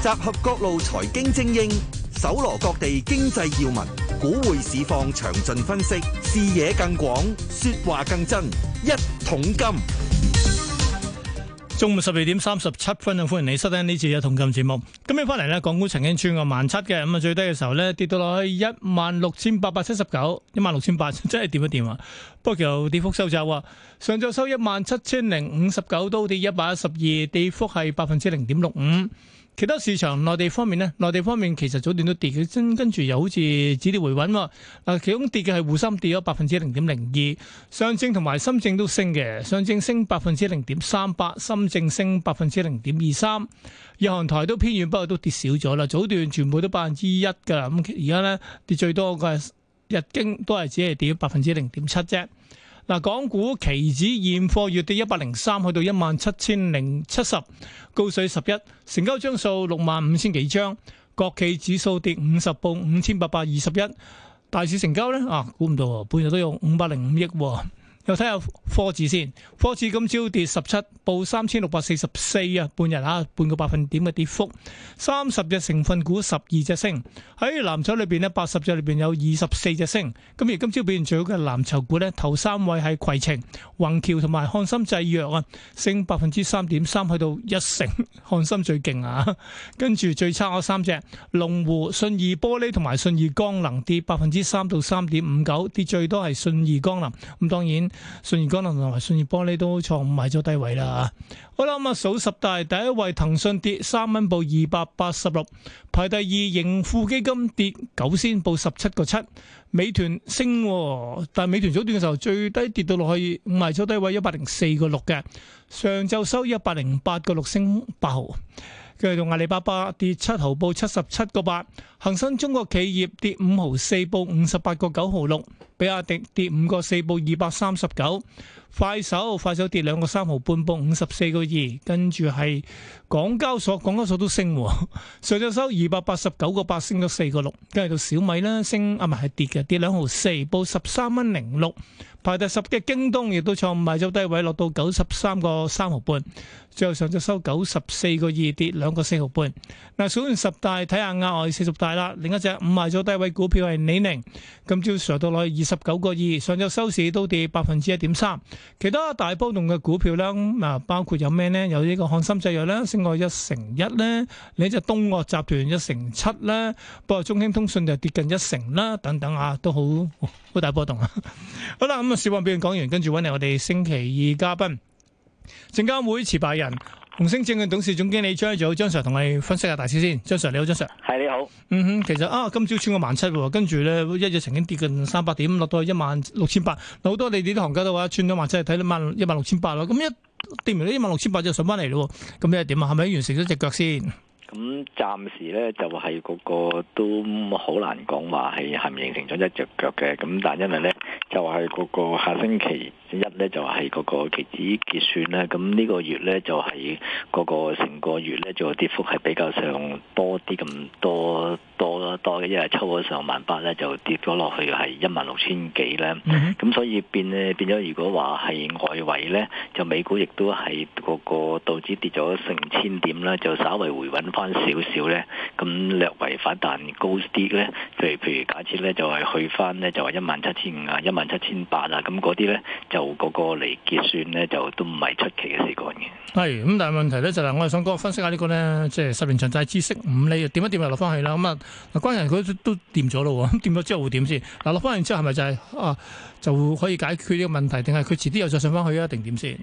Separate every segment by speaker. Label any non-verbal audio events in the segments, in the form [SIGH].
Speaker 1: 集合各路財經精英，搜羅各地經濟要聞，股匯市況詳盡分析，視野更廣，說話更真。一桶金，中午十二點三十七分啊！歡迎你收聽呢次嘅《一桶金》節目。今日翻嚟咧，港股曾經穿過萬七嘅咁啊，最低嘅時候咧跌到落去一萬六千八百七十九，一萬六千八真係點一點啊。不過由跌幅收窄啊，上晝收一萬七千零五十九，都跌一百一十二，跌幅係百分之零點六五。其他市場內地方面呢？內地方面其實早段都跌，跟跟住又好似止跌回穩。嗱，其中跌嘅係滬深跌咗百分之零點零二，上證同埋深證都升嘅，上證升百分之零點三八，深證升百分之零點二三。日韓台都偏遠，不過都跌少咗啦。早段全部都百分之一噶，咁而家呢，跌最多嘅係日經都係只係跌咗百分之零點七啫。嗱，港股期指現貨月跌一百零三，去到一萬七千零七十，高水十一，成交張數六萬五千幾張。國企指數跌五十，報五千八百二十一。大市成交呢，啊，估唔到，半日都有五百零五億。又睇下科指先，科指今朝跌十七，報三千六百四十四啊，半日啊，半個百分點嘅跌幅。三十隻成分股十二隻升，喺藍籌裏邊呢，八十隻裏邊有二十四隻升。咁而今朝表現最好嘅藍籌股呢，頭三位係携程、宏橋同埋漢森製藥啊，升百分之三點三，去到一成，漢森最勁啊。跟住最差嗰三隻，龍湖、信義玻璃同埋信義光能跌百分之三到三點五九，跌最多係信義光能。咁當然。信義光能同埋信義玻璃都創埋咗低位啦。好啦，咁啊數十大，第一位騰訊跌三蚊，報二百八十六。排第二盈富基金跌九仙，報十七個七。美團升，但係美團早段嘅時候最低跌到落去，創埋咗低,低位一百零四個六嘅。上晝收一百零八個六升八毫。繼續到阿里巴巴跌七毫，報七十七個八。恒生中國企業跌五毫四，報五十八個九毫六；比亞迪跌五個四，報二百三十九；快手快手跌兩個三毫半，報五十四個二；跟住係港交所，港交所都升，上晝收二百八十九個八，升咗四個六。跟住到小米咧，升啊，唔係係跌嘅，跌兩毫四，報十三蚊零六。排第十嘅京東亦都創埋咗低位，落到九十三個三毫半。最後上晝收九十四個二，跌兩個四毫半。嗱，數完十大，睇下額外四十大。係啦，另一隻五賣咗低位股票係李寧，今朝上到落去二十九個二，上晝收市都跌百分之一點三。其他大波動嘅股票咧，咁啊包括有咩咧？有呢個漢森製藥咧升過一成一咧，另一隻東岳集團一成七咧，不過中興通訊就跌近一成啦，等等啊，都好好大波動啊。好啦，咁啊，市況表現講完，跟住揾嚟我哋星期二嘉賓，證監會前發言人。紅星證券董事總經理張益祖，張 Sir 同你分析下大市先。張 Sir 你好，張 Sir 係你好。 [MUSIC] 嗯哼，其實啊，今朝穿個萬七，跟住咧一日曾經跌近三百點，落到一萬六千八。好多你哋啲行家都話穿咗萬七，睇到萬一萬六千八咯。咁一跌完咧，一萬六千八就上翻嚟咯。咁你又點啊，係咪完成咗隻腳先？
Speaker 2: 咁暫、嗯、時咧就係個個都好難講話係係唔形成咗一隻腳嘅。咁但因為咧。就係嗰個下星期一咧，就係、是、嗰個期指結算啦。咁呢個月咧，就係、是、嗰個成個月咧，就跌幅係比較上多啲咁多多咯多嘅。一係抽咗上萬八咧，就跌咗落去係一萬六千幾咧。咁、mm hmm. 所以變咧變咗，如果話係外圍咧，就美股亦都係嗰個道指跌咗成千點啦，就稍為回穩翻少少咧。咁略為反彈高啲咧，譬如譬如假設咧就係、是、去翻咧就係、是、一萬七千五啊一。萬七千八啊，咁嗰啲咧就嗰個嚟結算咧，就都唔係出奇嘅事幹
Speaker 1: 嘅。係，咁但係問題咧就係，我哋想分析下呢個咧，即係十年長債孳息五釐，點一點又落翻去啦。咁啊，嗱，關人佢都掂咗咯喎，咁掂咗之後會點先？嗱、嗯，落翻嚟之後係咪就係啊，就可以解決呢個問題，定係佢遲啲又再上翻去啊？定點先？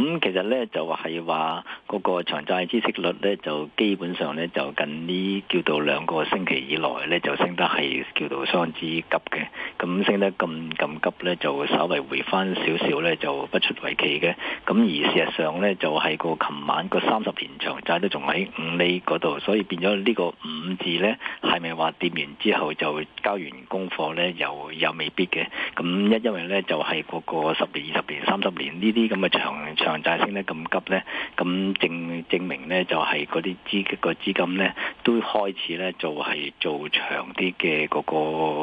Speaker 2: 咁、嗯、其實咧就係話嗰個長債孳息率咧就基本上咧就近呢叫到兩個星期以來咧就升得係叫做相當之急嘅，咁升得咁咁急咧就稍微回翻少少咧就不出為奇嘅，咁而事實上咧就係、是、個琴晚個三十年長債都仲喺五厘嗰度，所以變咗呢個五字咧係咪話跌完之後就交完功課咧又又未必嘅，咁一因為咧就係、是、個個十年、二十年、三十年呢啲咁嘅長長。這債升得咁急咧，咁證證明咧就係嗰啲資個資金咧都開始咧就係做長啲嘅嗰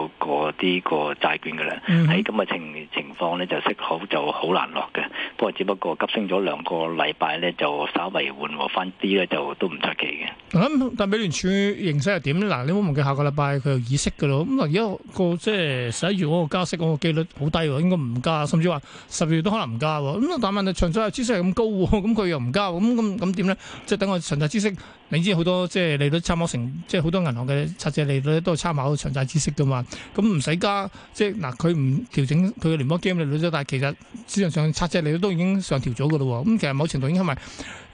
Speaker 2: 個嗰啲個債券噶啦。喺咁嘅情情況咧就息口就好難落嘅。不過只不過急升咗兩個禮拜咧就稍微緩和返啲咧就都唔出奇
Speaker 1: 嘅。咁但係美聯儲形勢係點咧？嗱，你冇問佢下個禮拜佢又議息噶咯。咁而家個即係十一月嗰個加息嗰個機率好低喎，應該唔加，甚至話十月都可能唔加喎。咁但係問題知識係咁高，咁佢又唔交，咁咁咁點咧？即係等我純粹知識。你知好多即係你都參考成，即係好多銀行嘅拆借利率都係參考長債孳息噶嘛。咁唔使加，即係嗱佢唔調整佢嘅聯邦基金利率，但係其實市場上拆借利率都已經上調咗噶啦喎。咁其實某程度已經係咪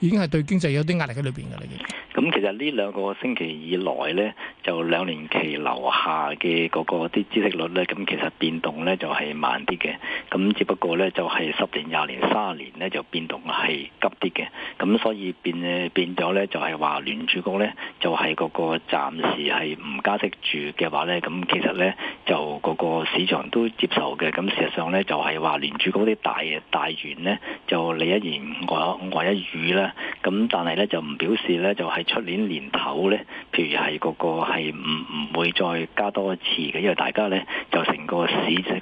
Speaker 1: 已經係對經濟有啲壓力喺裏邊㗎啦？已經
Speaker 2: 咁其實呢兩個星期以來咧，就兩年期留下嘅嗰個啲孳息率咧，咁其實變動咧就係慢啲嘅。咁只不過咧就係十年、廿年、卅年咧就變動係急啲嘅。咁所以變誒變咗咧，就係話聯儲局咧就係個個暫時係唔加息住嘅話咧，咁其實咧就個個市場都接受嘅。咁事實上咧就係話聯儲局啲大大員咧就你一言我我一語啦。咁但係咧就唔表示咧就係出年年頭咧，譬如係個個係唔唔會再加多一次嘅，因為大家咧就成個市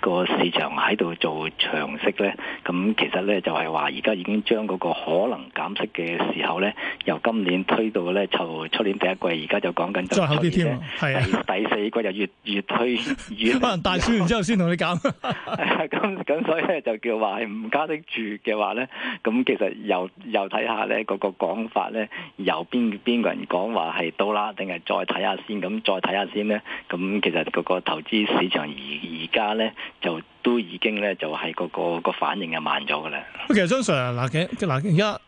Speaker 2: 個市場喺度做長息咧。咁其實咧就係話而家已經將嗰個可能減。嘅時候咧，由今年推到咧就出年第一季，而家就講緊再後啲添，第，的第四季就越越推越。我 [LAUGHS] 大
Speaker 1: 選完之後先同你講 [LAUGHS]
Speaker 2: [LAUGHS] 咁咁所以就叫話係唔加得住嘅話咧，咁其實又又睇下咧個個講法咧，由邊邊個人講話係到啦，定係再睇下先，咁再睇下先咧，咁其實個個投資市場而家咧就都已經咧就係個個反應啊慢咗噶啦。
Speaker 1: 其實張 Sir 嗱，佢嗱而家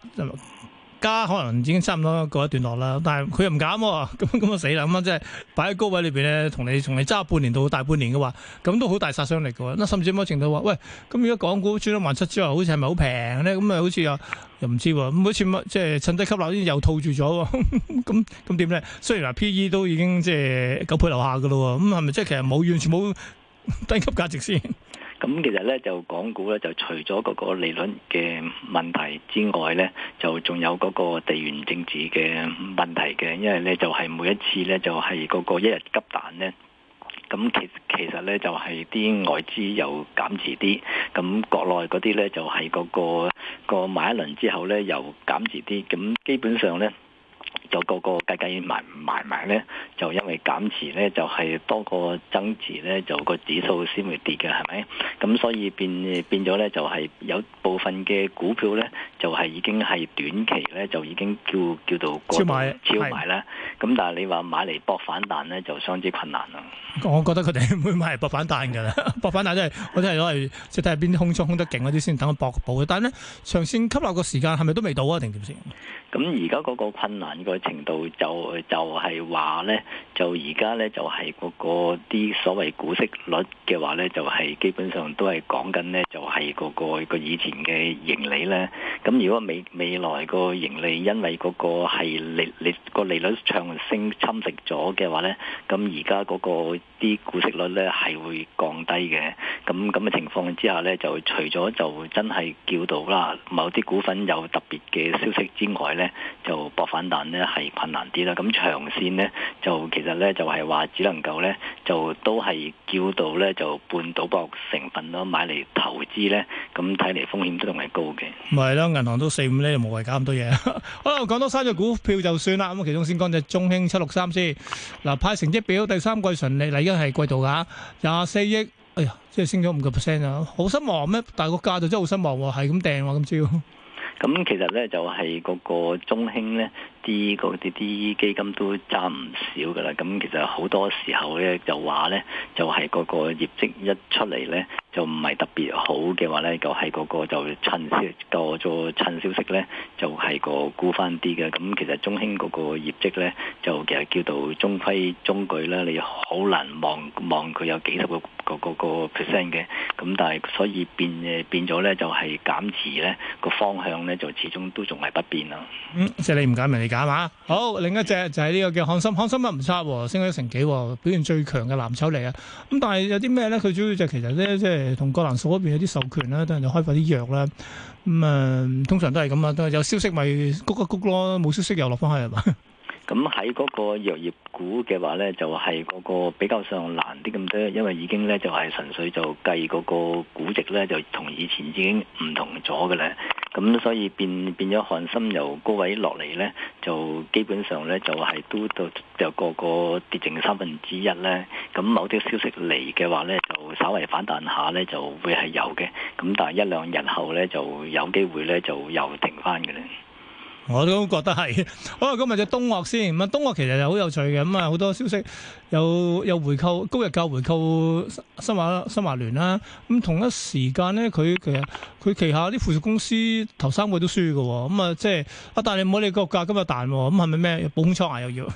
Speaker 1: 家可能已經差唔多過一段落啦。但係佢又唔減，咁咁啊死啦！咁啊即係擺喺高位裏邊咧，同你同你揸半年到大半年嘅話，咁都好大殺傷力噶。咁甚至某程度話，喂咁而家港股穿咗萬七之外，好似係咪好平咧？咁啊，好似又又唔知咁，好似即係趁低吸納啲又套住咗咁咁點咧？雖然嗱，P E 都已經即係九倍樓下噶咯，咁係咪即係其實冇完全冇？低級價值先。
Speaker 2: 咁其實咧就港股咧就除咗嗰個利率嘅問題之外咧，就仲有嗰個地緣政治嘅問題嘅。因為咧就係每一次咧就係嗰個一日急彈咧，咁其其實咧就係啲外資又減持啲，咁國內嗰啲咧就係嗰個個買一輪之後咧又減持啲，咁基本上咧。就個個計計埋埋埋咧，就因為減持咧，就係多過增持咧，就個指數先會跌嘅，係咪？咁所以變所以變咗咧，就係有部分嘅股票咧，就係已經係短期咧，就已經叫叫做超超賣啦。咁賣但係你話買嚟搏反彈咧，就相之困難啦。
Speaker 1: 我覺得佢哋唔會買嚟搏反彈㗎啦，搏反彈真係我真係攞嚟即係睇下邊啲空衝空得勁嗰啲先，等佢搏補嘅。但係咧，長線吸落個時間係咪都未到啊？定點先？
Speaker 2: 咁而家嗰個困難個。程度就就係話咧，就而家咧就係嗰個啲所謂股息率嘅話咧，就係基本上都係講緊咧，就係嗰個個以前嘅盈利咧。咁如果未未來個盈利，因為嗰個係利利個利率上升侵蝕咗嘅話呢，咁而家嗰個啲股息率呢係會降低嘅。咁咁嘅情況之下呢，就除咗就真係叫到啦，某啲股份有特別嘅消息之外呢，就博反彈呢係困難啲啦。咁長線呢，就其實呢就係話只能夠呢，就都係叫到呢，就半賭博成分咯，買嚟投資呢，咁睇嚟風險都仲係高嘅。
Speaker 1: 唔係囉～銀行都四五咧，無謂搞咁多嘢。 [LAUGHS] 好啦，講多三隻股票就算啦。咁啊，其中先講隻中興七六三先。嗱，派成績表第三季純利，嚟而家係季度噶廿四億，哎呀，即係升咗五個 percent 啊，好失望咩？但係個價就真係好失望，係咁掟喎今朝。
Speaker 2: 咁其實咧就係、是、嗰個中興咧。啲啲啲基金都揸唔少㗎喇，咁其實好多時候咧就話咧，就係嗰、就是、個業績一出嚟咧就唔係特別好嘅話咧，就係嗰、就是、個就趁消息，做、那、做、個、趁消息咧就係、是、個估翻啲嘅。咁其實中興嗰個業績咧就其實叫做中規中矩啦，你好難望望佢有幾十個個個 percent 嘅。咁但係所以變誒變咗咧就係減持咧個方向咧就始終都仲係不變啦。嗯，即
Speaker 1: 係你唔減咪係嘛？好，另一隻就係呢個叫漢森。漢森又唔差喎，升咗成幾，表現最強嘅藍籌嚟啊！咁但係有啲咩咧？佢主要就其實咧，即係同葛蘭素嗰邊有啲授權啦，等人就開發啲藥啦。咁誒，通常都係咁啊，都有消息咪谷一谷咯，冇消息又落翻去係嘛？
Speaker 2: 咁喺嗰個藥業股嘅話咧，就係嗰個比較上難啲咁多，因為已經咧就係純粹就計嗰個估值咧，就同以前已經唔同咗嘅咧。咁所以變變咗，滬深由高位落嚟呢，就基本上呢，就係、是、都到，就個個跌剩三分之一呢。咁某啲消息嚟嘅話呢，就稍微反彈下呢，就會係有嘅。咁但係一兩日後呢，就有機會呢，就又停返嘅咧。
Speaker 1: 我都覺得係， [LAUGHS] 好啊！今日就東岳先，咁東岳其實就好有趣嘅，咁啊好多消息，有有回購，高日購回購新新華新華聯啦，咁同一時間咧，佢其實佢旗下啲附屬公司頭三個月都輸嘅，咁、嗯、啊即係但大你唔好你個價今日彈，咁係咪咩補空倉又要？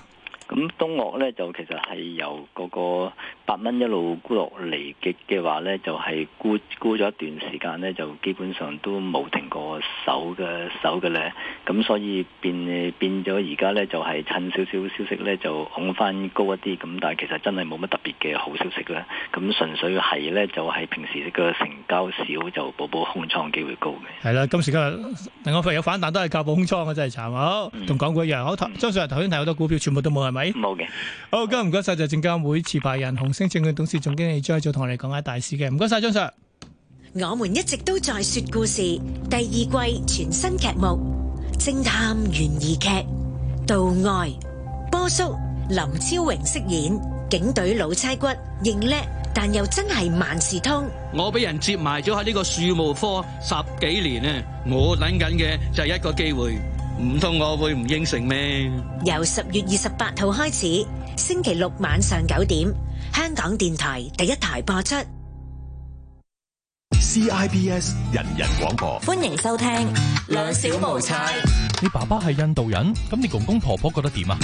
Speaker 2: 咁東岳咧就其實係由嗰個八蚊一路沽落嚟嘅嘅話咧，就係、是、沽沽咗一段時間咧，就基本上都冇停過手嘅手嘅咧。咁所以變變咗而家咧就係、是、趁少少消息咧就恐翻高一啲。咁但係其實真係冇乜特別嘅好消息啦。咁純粹係咧就係、是、平時嘅成交少就補補空倉機會高嘅。
Speaker 1: 係啦、嗯，今時今日另外份有反彈都係靠補空倉嘅，真係慘。好，同港股一樣，我頭張少頭先睇好多股票，全部都冇係咪？冇嘅，好，今日唔該晒，就係證監會持牌人，紅星證券董事總經理張益祖同我哋講下大事嘅，唔該晒張 Sir。我們一直都在說故事，第二季全新劇目《偵探懸疑劇》，杜愛、波叔、林超榮飾演警隊老差骨，認叻但又真係萬事通。我俾人接埋咗喺呢個樹務科十幾年呢，我諗緊嘅就係一個機會。唔通我會唔應承咩？由十月二十八號開始，星期六晚上九點，香港電台第一台播出。CIBS 人人廣播，
Speaker 2: 歡迎收聽兩小無猜。
Speaker 1: 你爸爸係印度人，咁你公公婆婆婆覺得點啊？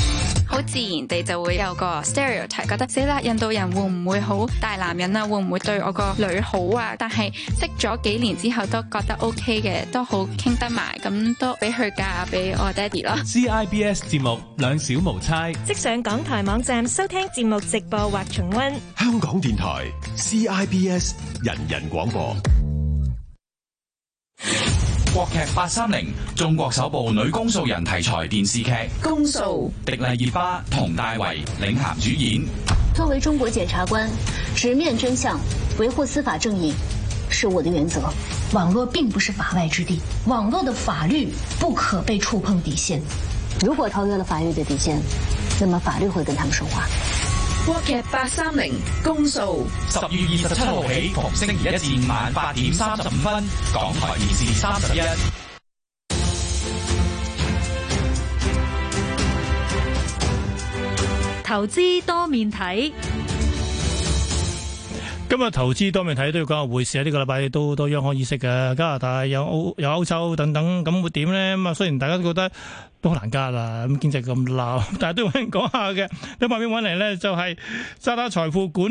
Speaker 2: 好自然地就會有個 stereotype，覺得死啦，印度人會唔會好大男人啊？會唔會對我個女好啊？但係識咗幾年之後都覺得 O K 嘅，都好傾得埋，咁都俾佢嫁俾我爹哋咯。
Speaker 1: C I B S 節目兩小無猜，
Speaker 2: 即上港台網站收聽節目直播或重溫。
Speaker 1: 香港電台 C I B S 人人廣播。 [LAUGHS] 國劇八三零，中國首部女公訴人題材電視劇。公訴，迪麗熱巴、佟大為領銜主演。
Speaker 2: 作為中國檢察官，直面真相，維護司法正義，是我的原則。網絡並不是法外之地，網絡的法律不可被觸碰底線。如果超越了法律的底線，那麼法律會跟他們說話。國劇八三零公訴
Speaker 1: 十月二十七號起，逢星期一至五晚八點三十五分，港台電視三十一。
Speaker 2: 投資多面睇。
Speaker 1: 咁啊，投資多面睇都要講下匯市啊！呢、這個禮拜都都央行議息嘅，加拿大有歐有歐洲等等，咁會點咧？咁啊，雖然大家都覺得都好難加啦，咁經濟咁鬧，但係都有人講下嘅。喺外邊揾嚟咧，就係、是、渣打財富管。